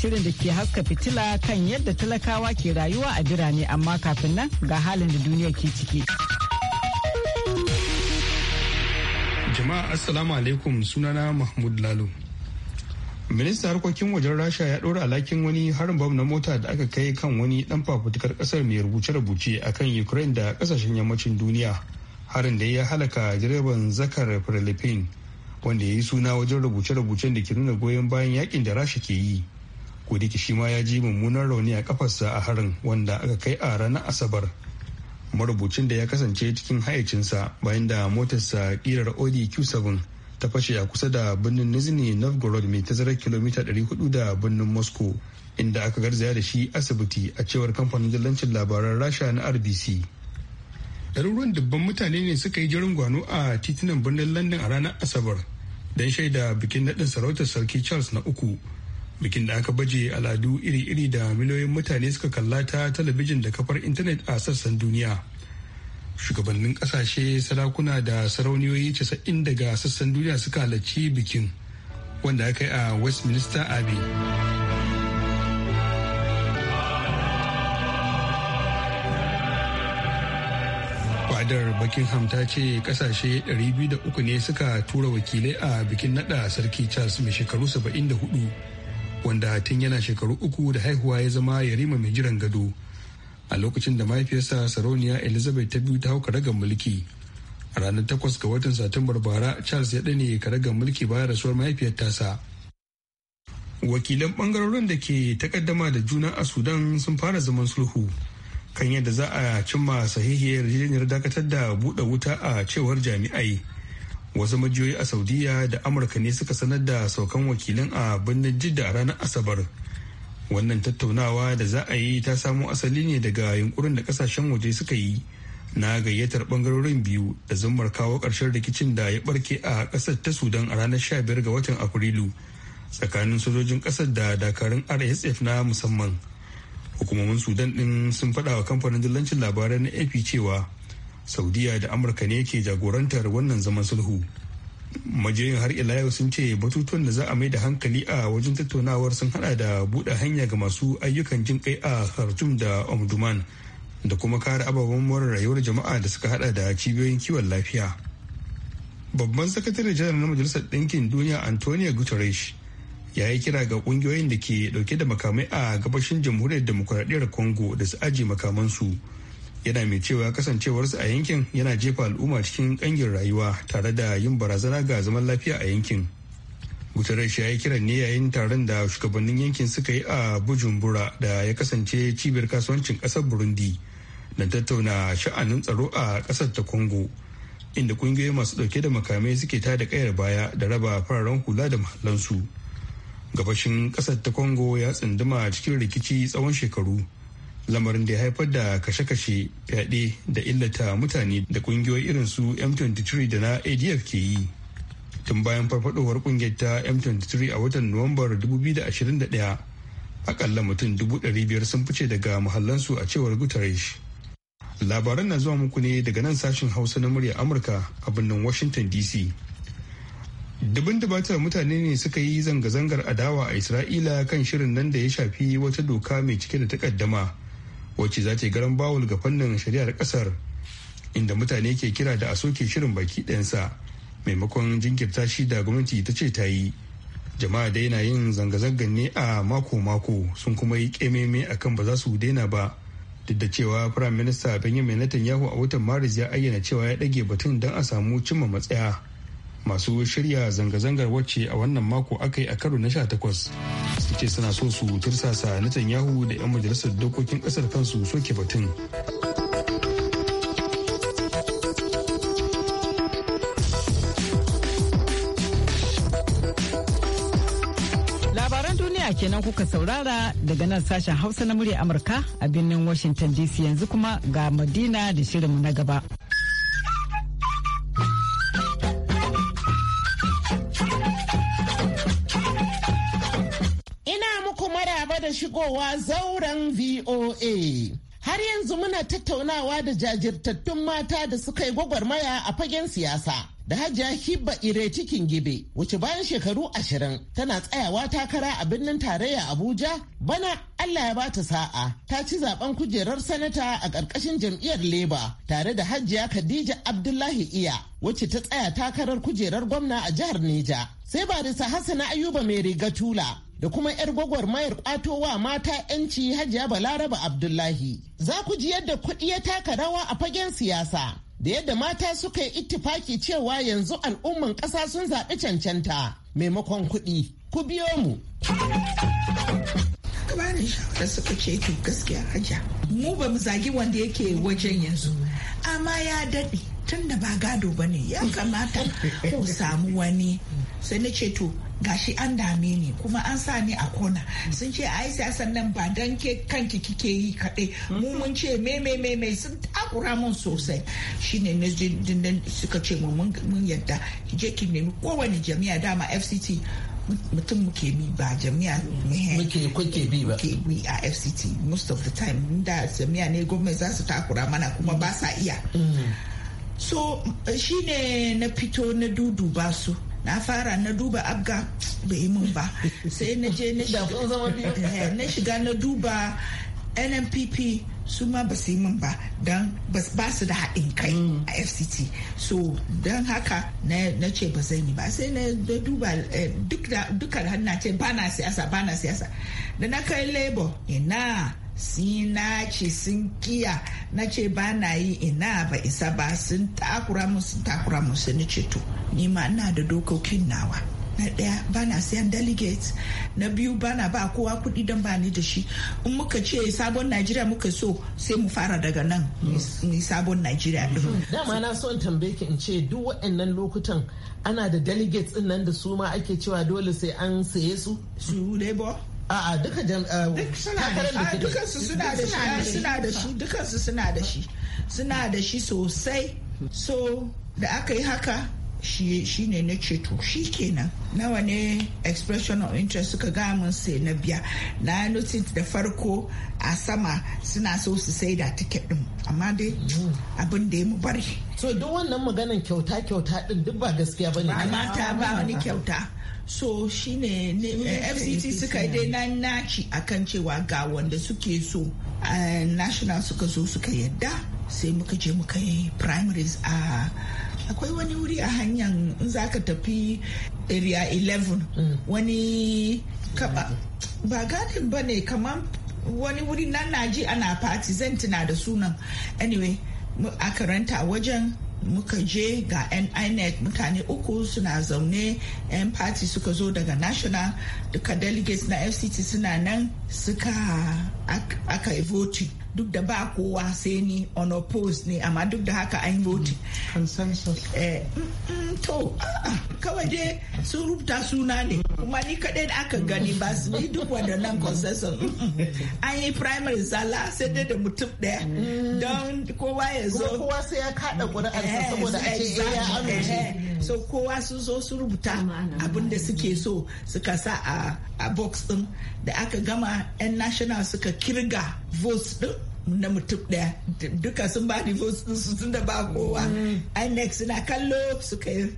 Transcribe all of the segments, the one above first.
shirin da ke haska fitila kan yadda talakawa ke rayuwa a birane amma kafin nan ga halin da duniya ke ciki. Jama'a Assalamu alaikum sunana Mahmud Lalo. minista harkokin wajen Rasha ya ɗora alakin wani harin bam na mota da aka kai kan wani ɗan fafutukar ƙasar mai rubuce-rubuce a kan Ukraine da ƙasashen yammacin duniya. Harin da ya halaka direban Zakar Philippine wanda ya yi suna wajen rubuce-rubucen da ke nuna goyon bayan yakin da Rasha ke yi. ko shi ma ya ji mummunan rauni a kafarsa a harin wanda aka kai a ranar asabar marubucin da ya kasance cikin haicinsa bayan da motarsa kirar audi q7 ta fashe a kusa da birnin nizini novgorod mai tazarar kilomita 400 da birnin moscow inda aka garzaya da shi asibiti a cewar kamfanin dillancin labaran rasha na rbc ɗaruruwan dubban mutane ne suka yi jirin gwano a titunan birnin london a ranar asabar don shaida bikin naɗin sarautar sarki charles na uku bikin da aka baje al'adu iri-iri da miliyoyin mutane suka kalla ta talabijin da kafar intanet a sassan duniya shugabannin kasashe sarakuna da sarauniyoyi casa'in daga sassan duniya suka halarci bikin wanda aka yi a westminster abbey fadar buckingham ta ce kasashe 203 ne suka tura wakilai a bikin nada sarki charles mai shekaru 74 wanda tun yana shekaru uku da haihuwa ya zama yarima mai jiran gado a lokacin da mahaifiyarsa sarauniya elizabeth ta biyu ta hau karagar mulki a ranar takwas ga watan satumbar bara charles ya ɗane karagar mulki bayan rasuwar mahaifiyar tasa wakilan bangarorin da ke takaddama da juna a sudan sun fara zaman sulhu kan yadda za a cimma sahihiyar yarjejeniyar dakatar da buɗe wuta a cewar jami'ai wasu majiyoyi a saudiya da amurka ne suka sanar da saukan wakilin a birnin jidda a ranar asabar wannan tattaunawa da za a yi ta samo asali ne daga yunkurin da kasashen waje suka yi na gayyatar bangarorin biyu da zumar kawo ƙarshen rikicin da ya barke a ƙasar ta sudan a ranar 15 ga watan afrilu tsakanin sojojin ƙasar da dakarun rsf na musamman hukumomin sudan ɗin sun faɗa wa kamfanin dillancin labarai na ap cewa saudiya da amurka ne ke jagorantar wannan zaman sulhu majiyoyin har ila yau sun ce batutuwan da za a mai da hankali a wajen tattaunawar sun hada da buɗe hanya ga masu ayyukan jin kai a khartoum da omduman da kuma kare ababen more rayuwar jama'a da suka hada da cibiyoyin kiwon lafiya babban sakatare janar na majalisar ɗinkin duniya antonio guterres ya yi kira ga ƙungiyoyin da ke dauke da makamai a gabashin jamhuriyar demokuraɗiyyar congo da su aji makamansu su yana mai cewa kasancewarsu a yankin yana jefa al'umma cikin kangin rayuwa tare da yin barazana ga zaman lafiya a yankin guterres ya yi kiran ne yayin taron da shugabannin yankin suka yi a bujumbura da ya kasance cibiyar kasuwancin ƙasar burundi da tattauna sha'anin tsaro a ƙasar ta congo inda ƙungiyoyi masu dauke da makamai suke tada kayar baya da raba fararen hula da mahallansu gabashin ƙasar ta congo ya tsunduma cikin rikici tsawon shekaru lamarin da ya haifar da kashe-kashe fyaɗe da illata mutane da ƙungiyoyi irin su m23 da na adf ke yi tun bayan farfadowar ƙungiyar ta m23 a watan nuwambar 2021 akalla mutum 500 sun fice daga muhallansu a cewar guterres labaran na zuwa muku ne daga nan sashen hausa na murya amurka a birnin washington dc dubin dubatar mutane ne suka yi zanga-zangar adawa a isra'ila kan shirin nan da ya shafi wata doka mai cike da takaddama wacce za ta yi garan bawul ga fannin shari'ar kasar inda mutane ke kira da a soke shirin baki ɗansa maimakon jinkirta shi da gwamnati ta ce ta yi jama'a da yana yin zanga zangar ne a mako-mako sun kuma yi kememe akan ba za su daina ba duk da cewa firayim minista benjamin netanyahu a watan maris ya ayyana cewa ya ɗage batun don a samu cimma matsaya masu shirya zanga-zangar wacce a wannan mako aka yi a karo na sha 18 ce suna so su tursasa Netanyahu da 'yan majalisar dokokin kasar kansu soke batun. Labaran duniya kenan kuka saurara daga nan sashen Hausa na murya Amurka a birnin Washington DC yanzu kuma ga Madina da shirin na gaba. kowa zauren VOA. Har yanzu muna tattaunawa da jajirtattun mata da suka yi gwagwarmaya a fagen siyasa. Da hajiya Hibba Ire cikin gibe, wacce bayan shekaru ashirin tana tsayawa takara a birnin tarayya Abuja, bana Allah ya bata sa'a ta ci zaben kujerar sanata a ƙarƙashin jam'iyyar Leba tare da hajiya Khadija Abdullahi Iya, wacce ta tsaya takarar kujerar gwamna a jihar Neja. Sai barisa Hassana Ayuba mai riga tula da kuma 'yar gwagwarmayar kwatowa mata 'yanci hajiya balaraba abdullahi za ku ji yadda kuɗi ya taka rawa a fagen siyasa da yadda mata suka yi ittifaki cewa yanzu al'umman ƙasa sun zaɓi cancanta maimakon kuɗi ku biyo mu mu ba zagi wanda yake wajen yanzu amma ya daɗe tun da ba gado ba ne ya kamata ku samu wani sai na ce to gashi an dame ni kuma an sa ni a kona mm. sun ce ai siyasan nan ba dan ke kanki kike yi kaɗai mu mm. mun ce me me me me sun takura mun sosai shine ne dindin suka ce mu mun yadda je ki nemi kowane jami'a dama FCT mutum muke bi ba jami'a muke mm. kuke bi ba bi a FCT most of the time da jami'a ne gwamnati za su takura mana kuma ba sa iya so shine na fito na duduba su na fara na duba abga bai mun ba sai na je na eh, shiga na duba nnpp su ma ba su yi min ba don ba su da haɗin kai mm. a fct so don haka na ce ba zan yi ba sai na duba eh, dukkan hannu ba na siyasa ba na siyasa da na kai labour ina sina ce sun kiya na ce ba na yi ina ba isa ba sun takura mu sun takura mu sun ceto ni ma ina da dokokin nawa na daya bana na sayan delegate na biyu ba na ba kowa kuɗi don ba ni da shi in muka ce sabon najeriya muka so sai mu fara daga nan ni sabon najeriya mhm. dama na so in tambaye in ce duk waɗannan lokutan ana da delegates din nan da su ma ake cewa dole sai an saye su su labor a'a duka jan eh, suna su suna da shi suna da shi sosai so da aka yi haka shi ne na ceto shi kenan nawa ne expression of interest suka gamin sai na biya na notin da farko a sama suna so su sai da ticket din amma dai abin da ya mu bari so duk wannan maganan kyauta kyauta din duk ba gaskiya bane ba ta ba wani kyauta so shine ne eh, fct suka dai nan naci akan cewa ga wanda suke so eh, national suka zo suka yadda sai muka je muka yi primaries a akwai wani wuri a hanyar in za ka tafi area 11 mm. wani kaba ba gadin ba ne kamar wani wuri nan naji ana party zan tuna da sunan anyway aka ranta a wajen muka je ga ninec mutane uku suna zaune yan party suka zo daga national duka delegates na fct suna nan suka aka voting duk da ba kowa sai ni on oppose ne amma duk da haka an vote consensus eh, mm, mm, to ah, kawai dai sun rubuta suna ne kuma ni kadai da aka gani ba su yi duk wadannan consensus mm, an yi primary zala sai dai da mutum daya don kowa ya zo kowa sai ya kada ƙuri'arsa eh, saboda a ce eh, ya amince so kowa sun zo su rubuta abin da suke so suka sa a box din da aka gama 'yan national suka kirga votes din na mutum daya duka sun ba ni votes sun su da ba kowa mm. inec suna kallo suka yi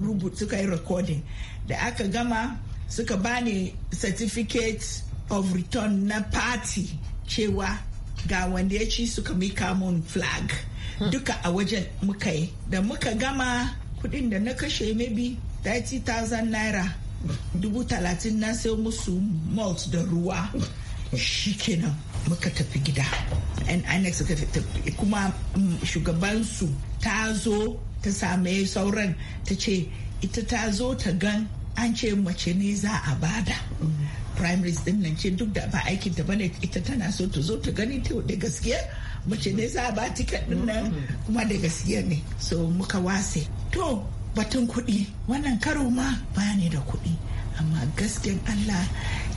rubutu suka yi recording da aka gama suka bani certificate of return na party cewa ga wanda ya ci suka mika mun flag hmm. duka a wajen muka yi da muka gama kudin da na kashe maybe 30,000 naira dubu talatin na sai musu malt da ruwa shikenan muka tafi gida yan inec suka tafi kuma mm, shugabansu ta zo ta same sauran ta ce ita ta zo ta gan an ce mace ne za a bada primaries din nan ce duk da ba aikin ta bane ita tana so ta zo ta gani ta da gaskiya mace ne za a ba tiket din nan kuma da gaskiya ne so muka wase to batun kuɗi wannan karo ma ba da kuɗi amma gaskiyan allah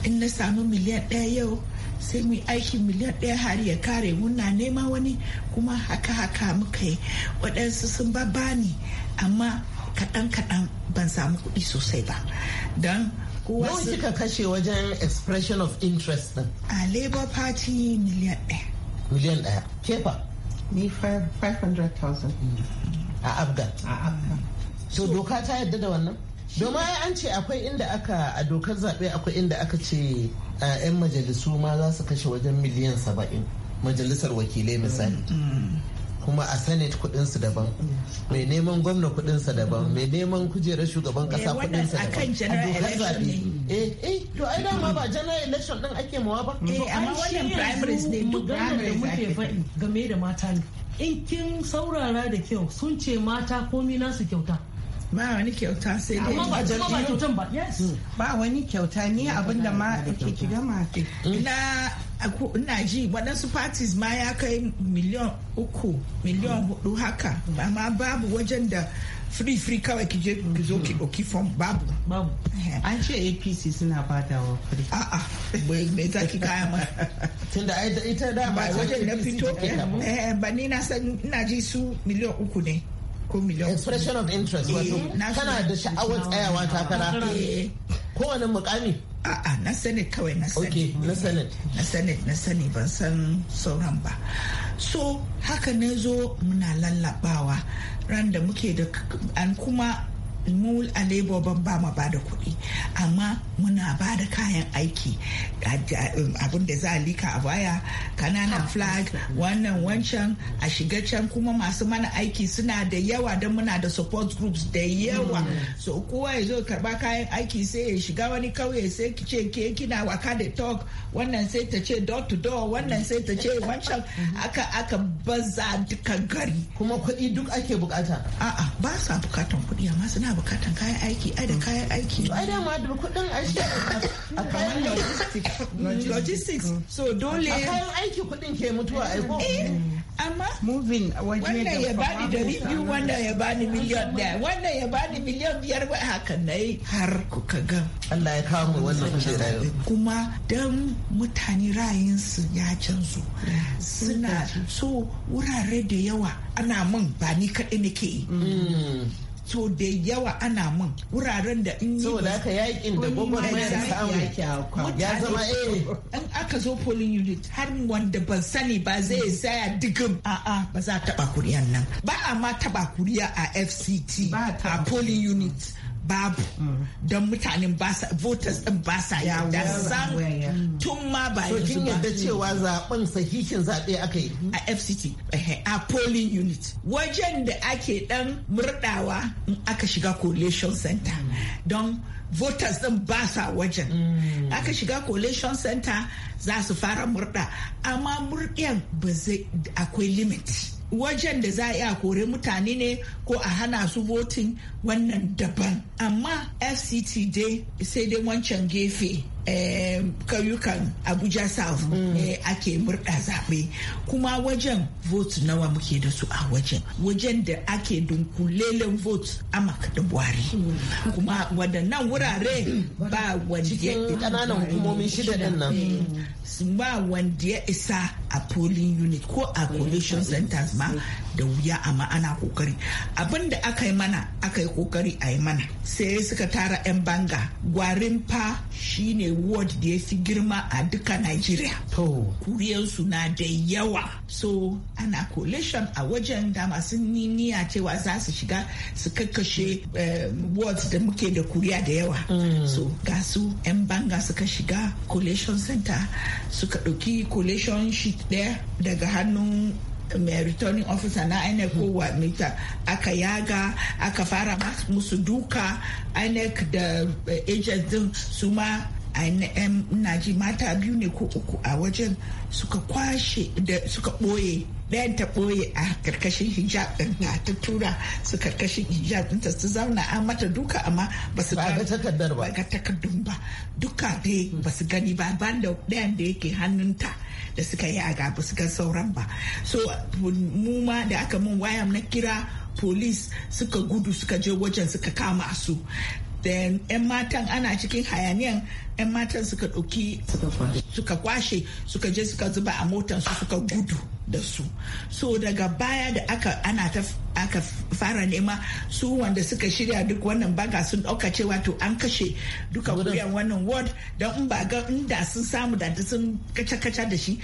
in na samu miliyan ɗaya yau sai mu aikin miliyan ɗaya har ya kare muna nema wani kuma haka haka muka yi waɗansu sun ba bani amma kaɗan kaɗan ban samu kuɗi sosai ba don kowa kika kashe wajen expression of interest din a labour party miliyan ɗaya miliyan ɗaya kefa ni 500,000 a afghan a afghan so doka ta yadda da wannan domin an ce akwai inda aka a dokar zaɓe akwai inda aka ce 'yan majalisu ma za su kashe wajen miliyan saba'in majalisar wakilai misali kuma a senate kudinsu daban mai neman gwamna kudinsa daban mai neman kujerar shugaban kasa kudinsa daban a dokar zabe eh eh to ai dama ba general election din ake mawa ba eh amma wannan primaries ne duk da muke faɗi game da mata ne in kin saurara da kyau sun ce mata komi nasu kyauta ba wani kyauta sai dai amma ba kyautan ba yes hmm. ba wani kyauta ni abin da ma ke ki hmm. gama ina ina ji waɗansu parties ma ya kai miliyan uku miliyan hmm. hudu haka amma babu wajen da free free kawai ki je ki zo ki ɗauki form babu babu eh. an ce apc suna fata wa free a'a bai mai ta ki kaya ma tunda ita da ba wajen na fito eh, ba ni na san ina ji su miliyan uku ne ko miliyan expression of interest wato eh, kana da sha'awar tsayawa takara eh, kowane mukami a'a na senate kawai na senate na senate na senate na sani ban san sauran ba so haka na zo muna lallabawa ran da muke da an kuma mu a labor ban ba mu ba da kuɗi amma muna ba da kayan aiki um, abin da za a lika a baya kananan ah, flag wannan wancan a shiga can kuma masu mana aiki suna da yawa don muna da support groups da yawa mm. so kowa ya zo karba kayan aiki sai ya shiga wani kauye sai ki ce ke kina waka da talk wannan sai ta ce door to door wannan sai ta ce wancan mm-hmm. aka aka baza duka gari kuma kuɗi duk ake bukata a'a ba sa bukatan kuɗi amma suna bukatan kayan aiki ai da kayan aiki ai da ma da kudin ashe a kamar logistics so dole A kayan aiki kudin ke mutuwa ai ko eh, amma moving waje ya bani da biyu wanda ya bani miliyan da wanda ya bani miliyan biyar ba haka na yi har kuka ga Allah ya kawo wannan yau. kuma dan mutane ra'ayinsu ya canzu suna so wurare da yawa ana mun ba ni kaɗai nake yi mm. so da yawa ana mun wuraren da in yi da aka yakin da gwagwarmaya da samu ya zama eh in aka zo polling unit har wanda ban sani ba zai saya digim a'a ba za taba kuriyan nan ba a ma taba kuriya a fct a polling unit babu don mutanen voters din ba sa yarda tun ma ba yanzu ba yadda cewa zaben sahihin zaɓe aka yi a fct a polling unit wajen da ake dan murdawa in aka shiga collation center don voters din ba sa wajen mm. aka shiga collation center za su fara murda amma murdiyan ba zai akwai limit wajen da za a iya kore mutane ne ko a hana su votin wannan daban amma fct dai sai dai wancan gefe kauyukan eh, abuja south mm. ake murɗa zaɓe kuma wajen vote nawa muke da su a wajen wajen da ake dunkulelen vote amak da buhari kuma waɗannan wurare ba wanda ƙananan hukumomin shida din nan eh. ba wanda ya isa a polling unit ko a coalition centers ma da wuya amma ana kokari abin da aka yi mana aka yi kokari a yi mana sai suka tara 'yan banga gwarin fa shine ward da ya fi girma a duka nigeria kuriyarsu na da yawa so ana collation a wajen da masu niniya cewa za su shiga su kakkashe eh, wards da muke da kuriya da yawa mm. so ga su 'yan banga suka shiga collation center suka ɗauki collation sheet ɗaya daga hannun mai returning officer na inec ko wa mita aka yaga aka fara musu duka inec da eh, agent din su ma ina ji mata biyu ne ko uku a wajen suka kwashe da suka boye ɗayan ta ɓoye a karkashin hijab din na ta tura su karkashin hijab ɗinta su zauna an mata duka amma ba su ga takardar ba ga takardun ba duka dai ba su gani ba ban da ɗayan da yake hannunta da suka yi a gaba su ga sauran ba so mu ma da aka mun waya na kira police suka gudu suka je wajen suka kama su then 'yan matan ana cikin hayaniyan 'yan matan suka ɗauki suka kwashe suka je suka zuba a motan su suka gudu da su so daga baya da aka ana ta aka fara nema su wanda suka shirya duk wannan baga sun ɗauka cewa to an kashe duka wuyan wannan ward don in ba ga inda sun samu da sun kaca-kaca da shi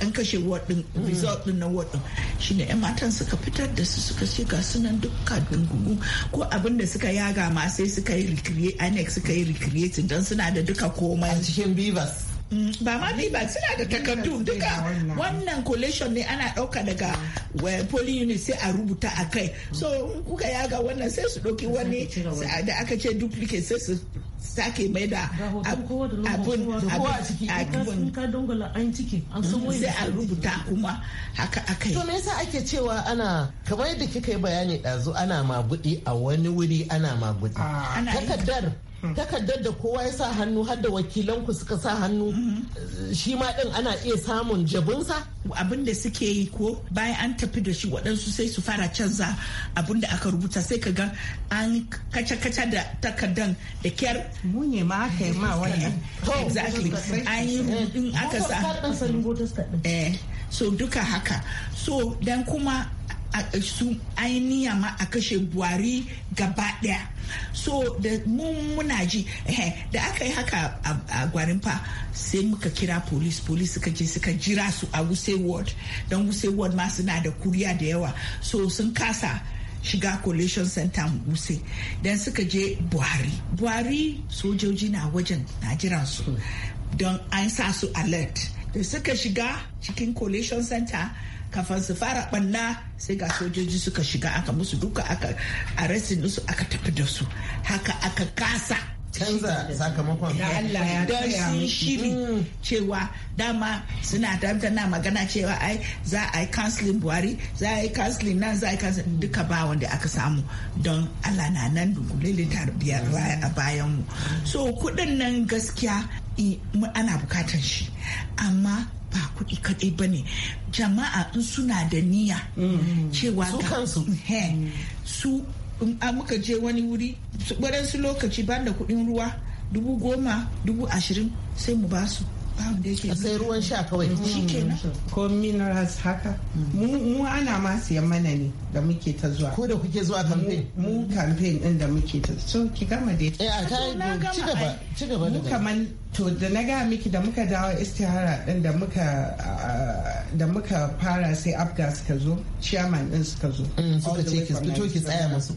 an kashe ward din hmm. result din na ward din shine yan matan suka fitar da su suka ce ga sunan duka dungugu ko abin da suka yaga ma sai suka yi recreate annex suka yi recreating don suna da duka komai a cikin bivas ba ma ni ba suna da takardu duka wannan collation ne ana dauka daga eh, poly unit sai a rubuta a kai so kuka yaga wannan sai su dauki wani da aka ce duplicate sai su sake mai da abin sai a rubuta kuma haka kai to me yasa ake cewa ana kamar yadda kika yi bayani dazu ana mabudi a wani wuri ana mabudi takardar takardar da kowa ya sa hannu har da wakilanku suka sa hannu shi ma din ana iya samun jabinsa abin da suke yi ko bayan an tafi da shi waɗansu sai su fara canza abin da aka rubuta sai ka ga an kaca-kaca da takardan da kyar munye ma aka yi ma wannan eh, exactly eh, in aka sa eh, so duka haka so dan kuma a su ainihin ma a kashe buhari gaba daya so da mun muna ji eh, da aka yi haka a gwarin fa sai muka kira police police suka je suka jira su a wuse ward don wuse ward ma suna da kuriya da yawa so sun kasa shiga collation center wuse don suka je buhari buhari sojoji na wajen na jiran su don an sa su alert da suka shiga cikin collation center kafin su fara banna sai ga sojoji suka shiga aka musu duka aka arrestin su aka tafi da su haka aka kasa canza sakamakon da Allah ya don sun shiri mm. cewa dama suna tabbatar na magana cewa ai za a yi counseling buhari za a yi counseling nan za a yi counseling duka ba wanda aka samu don Allah na nan dunkulele tarbiyyar a bayan mu so kudin nan gaskiya ana bukatar shi amma ba kuɗi kaɗai ba ne jama'a in suna da niyya mm. cewa su in muka je wani wuri wadansu lokaci ban da kuɗin ruwa dubu goma dubu ashirin sai mu ba su. sai ruwan sha kawai mm. shikenan ko minerals haka mm. mu ana ma siyan mana ne da muke ta zuwa ko da kuke zuwa campaign mu campaign din da muke ta so ki gama dai eh a ta ci gaba ci gaba da kaman to da na ga miki da muka dawo istihara din da muka da muka fara sai abga suka zo chairman din suka zo mm, suka ce ki fito ki tsaya masu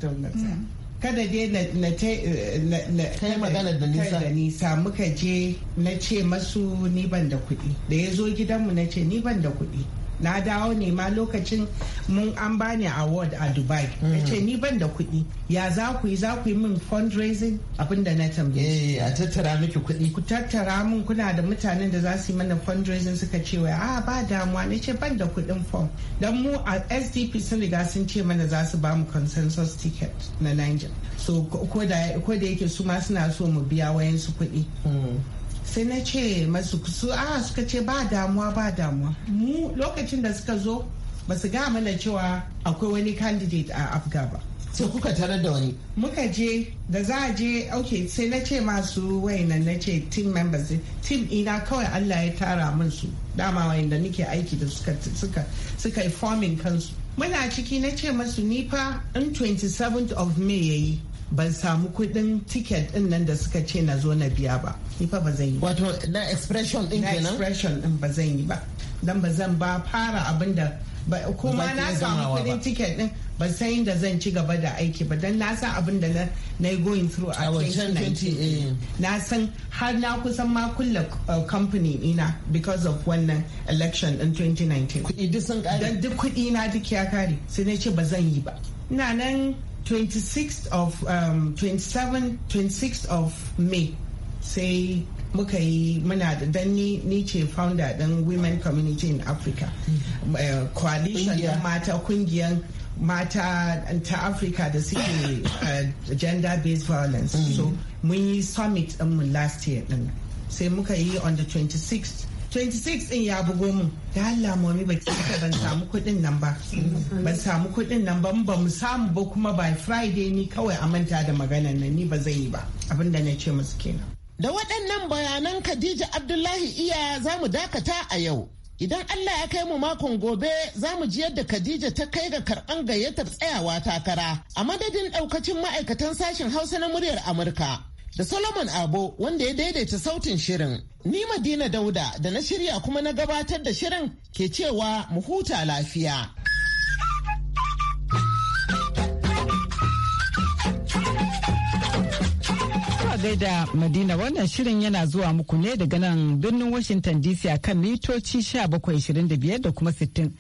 kada dai na kai magana da nisa da nisa muka je na ce masu ni ban da kuɗi da ya zo gidanmu na ce ni ban da kuɗi na dawo ne ma lokacin mun an bani award a dubai mm. na ce ni ban da kuɗi ya za ku yi za ku yi min fundraising abinda na tambaye eh, a tattara miki kuɗi ku tattara min kuna da mutanen da za su yi mana fundraising suka ce wai a ah, ba damuwa ne ce ban da kuɗin form dan mu a sdp sun riga sun ce mana za su ba mu consensus ticket na niger so ko da yake su ma suna so mu biya wayansu kuɗi mm. sai na ce masu su a ah, suka ce ba damuwa ba damuwa mu lokacin da suka zo ba su ga mana cewa akwai wani candidate a afga ba sai kuka tarar da wani muka je da za a je ok sai na ce masu wayannan na ce team members team ina kawai allah ya tara min su dama wayanda nake aiki da suka suka suka forming kansu muna ciki na ce masu nifa in 27th of may yayi ban samu kuɗin tiket ɗin nan da suka ce na zo na biya ba ni fa ba zan yi wato na expression din kenan na expression ɗin ba zan yi ba dan ba zan ba fara abin da kuma na samu kuɗin tiket ɗin ba san inda zan ci gaba da aiki ba dan na san abin da na going through a 2019 eh. na san har na kusan ma kulle eh, company ina because of wannan election in 2019 kuɗi duk sun kare dan duk kuɗi na duk ya kare sai na ce ba zan yi ba ina nan 26th of um, 27 26th of may sai muka yi muna da dan ni, ni ce founder din women community in africa uh, coalition yeah. mata kungiyan mata ta africa da suke uh, eh, gender based violence mm -hmm. so mun yi summit mu last year din sai muka yi on the 26th 26 din ya bugo mu da Allah mami ba ki ban samu kuɗin nan ba ban samu kuɗin nan ba ba mu samu ba kuma by friday ni kawai a manta da maganan nan ni ba zai yi ba abinda na ce musu kenan da waɗannan bayanan Khadija Abdullahi iya za mu dakata a yau idan Allah ya kai mu makon gobe za mu ji yadda Khadija ta kai ga karɓan gayyatar tsayawa takara a madadin ɗaukacin ma'aikatan sashen Hausa na muryar Amurka da Solomon Abo wanda ya daidaita sautin shirin. Ni Madina Dauda da na shirya kuma na gabatar da shirin ke cewa mu huta lafiya. gaida Madina wannan shirin yana zuwa muku ne daga nan birnin Washington DC a kan mitoci 1725 da kuma 60.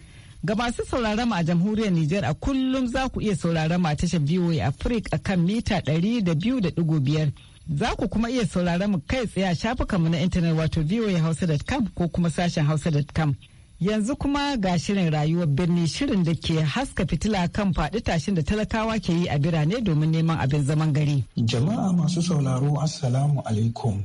Ga masu sauraron mu a jamhuriyar Nijar a kullum za ku iya sauraron mu a tashar VOA Africa a kan mita 200.5. Za ku kuma iya sauraron mu kai tsaye a shafukanmu na intanet wato voahausa.com ko kuma sashen hausa.com. Yanzu kuma ga shirin rayuwar birni shirin da ke haska fitila kan faɗi tashin da talakawa ke yi a birane domin neman abin zaman gari. Jama'a masu sauraro Assalamu alaikum.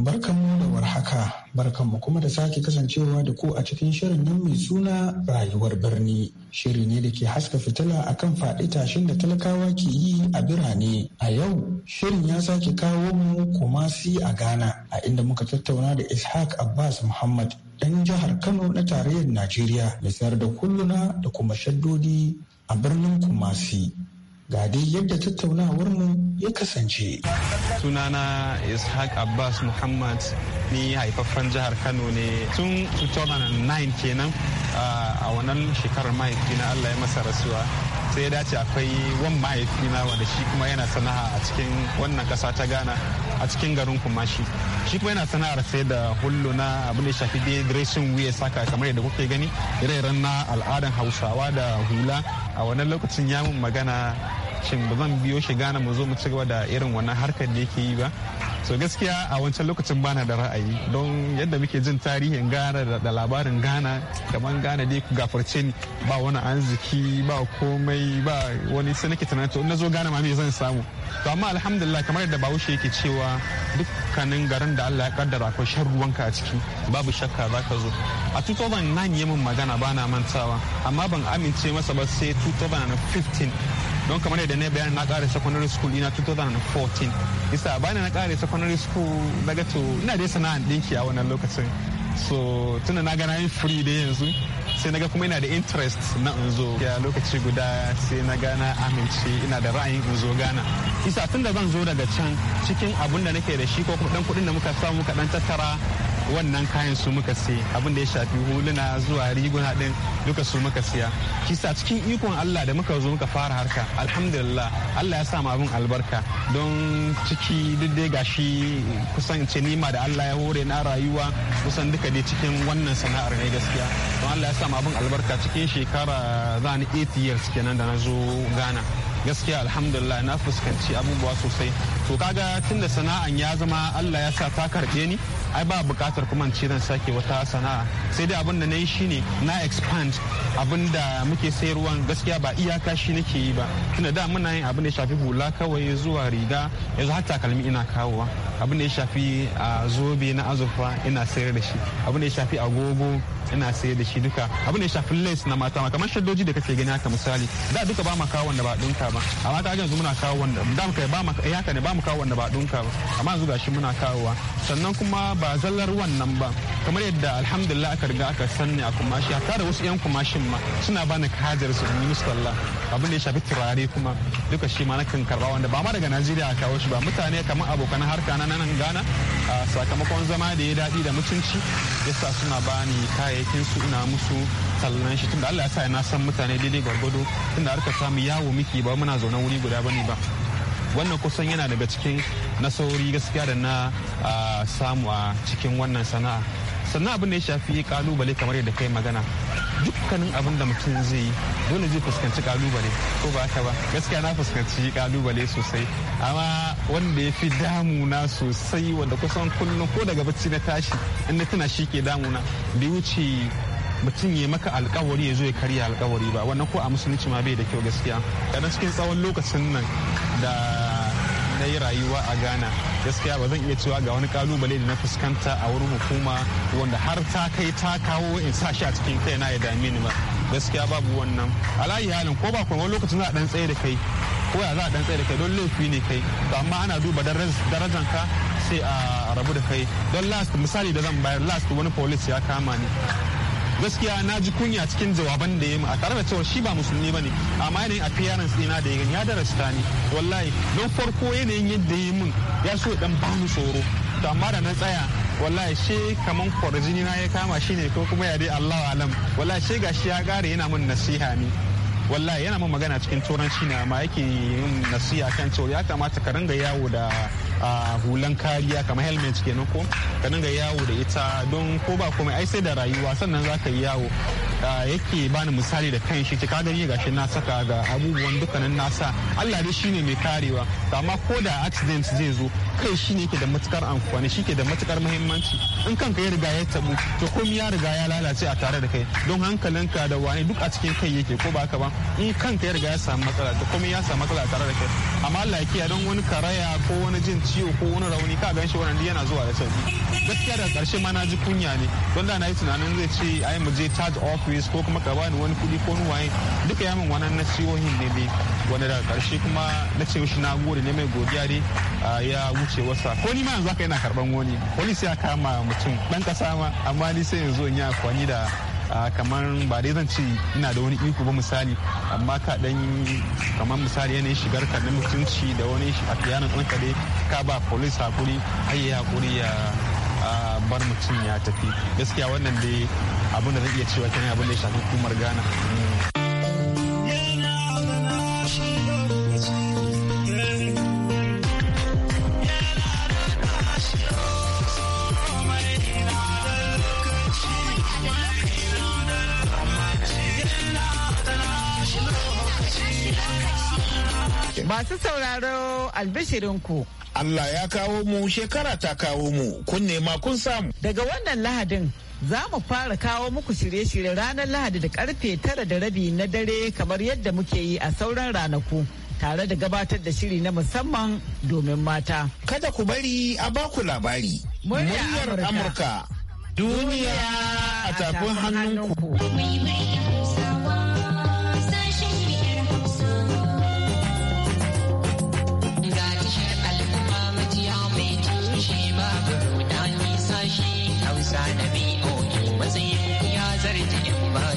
Barkanmu da warhaka, barkanmu kuma da sake kasancewa da ku a cikin shirin nan mai suna rayuwar birni. Shiri ne da ke haska fitila a kan faɗi tashin da talakawa ke yi a birane. A yau, shirin ya sake kawo mu Kumasi a Ghana, a inda muka tattauna da Ishaq Abbas Muhammad, ɗan jihar Kano na tarayyar Najeriya, mai sayar da kulluna da kuma shaddodi a birnin Kumasi. ga dai yadda tattaunawar mu ya kasance. Sunana Ishaq Abbas Muhammad ni haifaffen jihar Kano ne tun 2009 kenan uh, a wannan shekarar na Allah ya masa rasuwa. sai ya dace akwai wan mahaifina wanda shi kuma yana sana'a a cikin wannan kasa ta ghana a cikin garin kumashi shi kuma yana sana'ar sai da hullu na abin da shafi dai dressing wuya saka kamar yadda kuke gani ire-iren na al'adan hausawa da hula a wannan lokacin ya magana shin ba zan biyo shi gana mu zo mu ci gaba da irin wannan harkar da yake yi ba so gaskiya a wancan lokacin bana da ra'ayi don yadda muke jin tarihin gana da labarin gana kamar gana dai gafarce ni ba wani arziki ba komai ba wani sai nake tunanin to na zo gana ma me zan samu to amma alhamdulillah kamar yadda bahaushe yake cewa dukkanin garin da allah ya kaddara akwai shan ruwanka a ciki babu shakka za ka zo a 2009 yamin magana ba na mantawa amma ban amince masa ba sai 2015 don kamar yadda na bayani na kare secondary school ina 2014 isa ba na kare secondary school daga to ina dai sana'an dinki a wannan lokacin so tunda na gana yin free da yanzu sai naga kuma ina da interest na unzo ya lokaci guda sai na gana amince ina da ra'ayin unzo gana isa tun da zan zo daga can cikin abun da nake da shi ko kuma dan kuɗin da muka samu kaɗan tattara wannan kayan su muka siya abin da ya shafi huluna zuwa riguna din duka su muka siya kisa cikin ikon Allah da muka zo muka fara harka alhamdulillah Allah ya sa mu abin albarka don ciki duk dai gashi kusan ce nima da Allah ya hore na rayuwa kusan duka dai cikin wannan sana'ar ne gaskiya don Allah ya sa mu abin albarka cikin shekara za ni 8 years kenan da na zo Ghana gaskiya alhamdulillah na fuskanci abubuwa sosai to kaga tunda sana'an ya zama allah ya sa ta karbe ni ai ba bukatar kuma ce zan sake wata sana'a sai dai abin da na yi shine na expand abin da muke sayarwa gaskiya ba iyaka shi nake yi ba tunda da muna yin abin da ya shafi hula kawai zuwa riga yanzu har kalmi ina kawowa abin da ya shafi a zobe na azurfa ina sayar da shi abin da ya shafi agogo ina sayar da shi duka abin da ya shafi lace na mata kamar shaddoji da kake gani haka misali da duka ba ma kawo wanda ba dinka ba amma ta yanzu muna kawo wanda da muka ba ya eh, haka ne ba mu kawo wanda ba dinka ba amma yanzu gashi muna kawowa sannan kuma ba zallar wannan ba kamar yadda alhamdulillah aka riga aka sanni a kumashi hatta da wasu yan kumashin ma suna bani kajar su ni musalla abin da ya shafi turare kuma duka shi ma kan karba wanda ba ma daga Najeriya a kawo shi ba mutane kamar abokan harka na nan Ghana sakamakon zama da ya daɗi da mutunci yasa suna bani kayayyakin su ina musu sallan shi tunda Allah ya sa na san mutane daidai gwargwado tunda harka samu yawo miki ba muna zaune wuri guda bane ba wannan kusan yana daga cikin nasarori gaskiya da na samu a cikin wannan sana'a sannan abin da ya shafi kalubale kamar yadda kai magana dukkanin abin da mutum zai yi dole zai fuskanci kalubale ko ba ka ba gaskiya na fuskanci kalubale sosai amma wanda ya fi damuna sosai wanda kusan kullum ko daga bacci na tashi in na tuna shi ke damuna bai wuce mutum ya maka alkawari ya zo ya karya alkawari ba wannan ko a musulunci ma bai da kyau gaskiya da cikin tsawon lokacin nan da na yi rayuwa a ghana gaskiya ba zan iya cewa ga wani kalubale da na fuskanta a wurin hukuma wanda har ta kai ta kawo in sa shi a cikin kai na ya dame ni ba gaskiya babu wannan alayi halin ko ba kuma lokacin za a dan tsaye da kai ko ya za a dan tsaye da kai don laifi ne kai to amma ana duba darajan ka sai a rabu da kai don last misali da zan bayar last wani police ya kama ni gaskiya na ji kunya cikin jawaban da ya mu a tare da cewa shi ba musulmi ba ne amma yanayin appearance ɗina da ya gani ya darasta ni wallahi don farko yanayin yadda ya yi min ya so dan mu tsoro to amma da na tsaya wallahi she kaman kwarjini na ya kama shi ne ko kuma ya dai Allah alam wallahi she gashi ya kare yana min nasiha ne wallahi yana min magana cikin turanci na ma yake yin nasiha kan cewa ya kamata ka ringa yawo da hulan kariya kamar helmet kenan ko ka dinga yawo da ita don ko ba komai ai sai da rayuwa sannan za ka yi yawo yake bani misali da kan shi ki ka gani gashi na saka ga abubuwan dukkanin nasa Allah dai shine mai karewa amma ko da accident zai zo kai shine yake da matukar amfani shi da matukar muhimmanci in kanka ya riga ya tabu to komai ya riga ya lalace a tare da kai don hankalinka da wani duk a cikin kai yake ko ba ka ba in kanka ya riga ya samu matsala to komai ya samu matsala a tare da kai amma Allah ya don wani karaya ko wani jin ciwo ko wani rauni ka gan shi wannan yana zuwa da sauki gaskiya da karshe ma na ji kunya ne don da na yi tunanin zai ce ai mu je charge off swiss ko kuma ka bani wani kudi ko nuwaye duka ya min wannan nasihohin ne ne wanda daga karshe kuma na ce shi na gode ne mai godiya dai ya wuce wasa ko ni ma yanzu haka yana karban wani wani ya kama mutum dan kasa ma amma ni sai yanzu in yi amfani da kamar ba dai zan ce ina da wani iko ba misali amma ka dan kamar misali yanayin shigar ka na mutunci da wani a kiyanin ɗanka dai ka ba polis hakuri ayi hakuri ya bar mutum ya tafi gaskiya wannan dai abin da zai iya cewa kenan abin da ya shafi hukumar ghana Masu sauraro albishirinku. Allah ya kawo mu shekara ta kawo mu kun nema kun samu. Daga wannan lahadin za mu fara kawo muku shirye-shirye ranar Lahadi da karfe tara da rabi na dare kamar yadda muke yi a sauran ranaku. tare da gabatar da shiri na musamman domin mata. Kada ku bari a baku labari. Muryar Amurka. Duniya a tafin hannunku. sarki ba